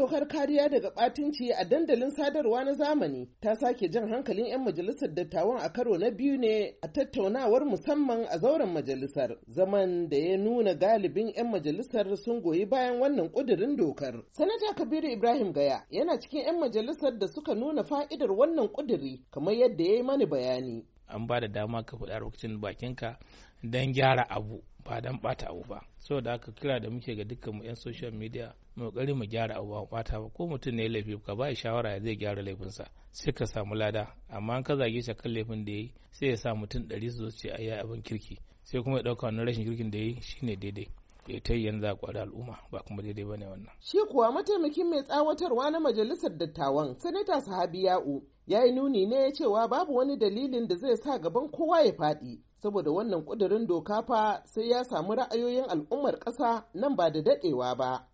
dokar kariya daga batunci, a dandalin sadarwa na zamani ta sake jan hankalin 'yan majalisar dattawan a karo na biyu ne a tattaunawar musamman a zauren majalisar zaman da ya nuna galibin 'yan majalisar sun goyi bayan wannan ƙudirin dokar. Sanata Kabiru Ibrahim Gaya yana cikin 'yan majalisar da suka nuna fa'idar wannan ƙudiri kamar yadda ya yi mani bayani. an ba da dama ka faɗi albarkacin bakinka don gyara abu ba don bata abu ba da haka kira da muke ga dukkan mu 'yan social media mu kari mu gyara abu ba bata ba ko mutum ne laifi ka ba shawara zai gyara laifinsa sai ka samu lada amma an ka zage shi kan laifin da yayi sai ya sa mutum ɗari su zo ce yi abin kirki sai kuma ya ɗauka wannan rashin kirkin da yayi shine daidai ya ta yi yanzu a al'umma ba kuma daidai ba ne wannan. Shi kuwa mataimakin mai tsawatarwa na majalisar dattawan, Sanata Sahabi Ya'u ya yi nuni ne cewa babu wani dalilin da zai sa gaban kowa ya faɗi saboda wannan ƙudurin doka fa sai ya samu ra'ayoyin al'ummar ƙasa nan ba da daɗewa ba.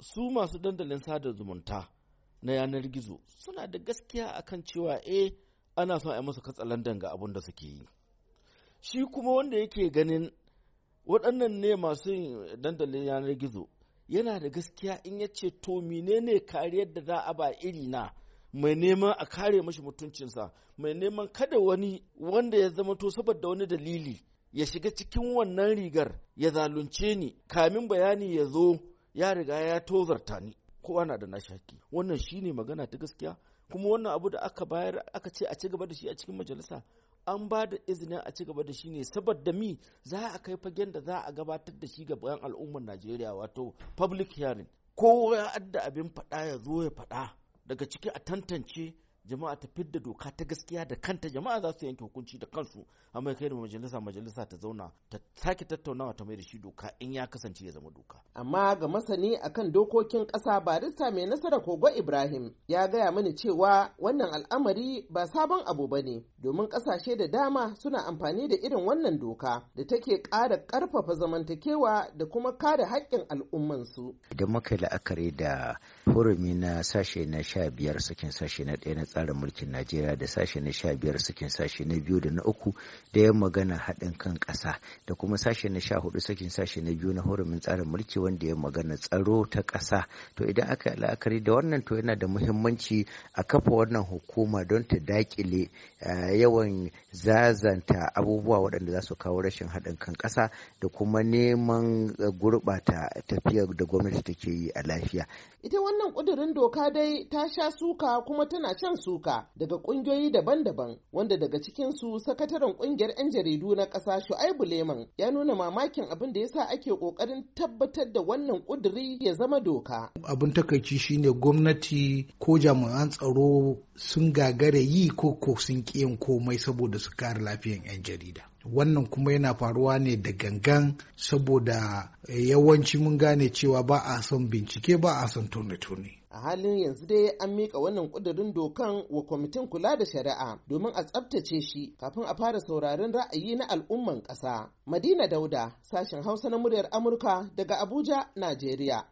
Su masu dandalin sada zumunta na yanar gizo suna da gaskiya akan cewa eh ana son a yi musu katsalandan ga abin da suke yi. Shi kuma wanda yake ganin waɗannan ne masu dandalin yanar gizo yana da gaskiya in ya ce to menene kariyar da za a ba iri na mai neman a kare mashi mutuncinsa mai neman kada wani wanda ya zama to saboda wani dalili ya shiga cikin wannan rigar ya zalunce ni kamin bayani ya zo ya riga ya tozarta ni kowa na da nashi wannan shine magana ta gaskiya kuma wannan abu da aka bayar aka ce a ci gaba da shi a cikin majalisa an ba da izinin a cigaba gaba da shi ne saboda mi za a kai fagen da za a gabatar da shi bayan al'ummar Najeriya wato public hearing kowa ya adda abin faɗa ya zo ya faɗa daga ciki a tantance jama'a ta fidda doka ta gaskiya da kanta jama'a za su yanke hukunci da kansu amma kai da majalisa majalisa ta zauna ta sake tattaunawa ta mai da shi doka in ya kasance ya zama doka amma ga masani akan dokokin ƙasa barista mai nasara kogo ibrahim ya gaya mani cewa wannan al'amari ba sabon abu ba ne domin ƙasashe da dama suna amfani da irin wannan doka da take ƙara ƙarfafa zamantakewa da kuma kare haƙƙin al'ummansu. idan muka la'akari da hurumi na sashe na sha biyar sakin sashe na ɗaya na tsarin mulkin najeriya da sashe na sha biyar sakin sashe na biyu da na uku da ya magana haɗin kan ƙasa da kuma sashe na sha hudu sakin sashe na biyu na horumin tsarin mulki wanda ya magana tsaro ta ƙasa to idan aka yi la'akari da wannan to yana da muhimmanci a kafa wannan hukuma don ta daƙile eh, yawan zazanta abubuwa waɗanda za su kawo rashin haɗin kan ƙasa da kuma neman eh, gurɓata tafiyar da gwamnati take yi a lafiya ita wannan kudurin doka dai ta sha suka kuma tana can suka daga kungiyoyi daban-daban wanda daga cikinsu sakataren kungiyar 'yan jaridu na ƙasa Shu'aibu Leman ya nuna mamakin abin da yasa ake ƙoƙarin tabbatar da wannan ƙuduri ya zama doka. Abin takaici shine gwamnati ko jami'an tsaro sun gagara yi ko ko sun ƙi yin komai saboda su kare lafiyan 'yan jarida. wannan kuma yana faruwa ne da gangan saboda eh, yawanci mun gane cewa ba a son bincike ba a son tone-tone a halin yanzu dai an mika wannan kudirin dokan wa kwamitin kula da shari'a domin a tsabtace shi kafin a fara sauraron ra'ayi na al'umman ƙasa madina dauda sashen hausa na muryar amurka daga abuja najeriya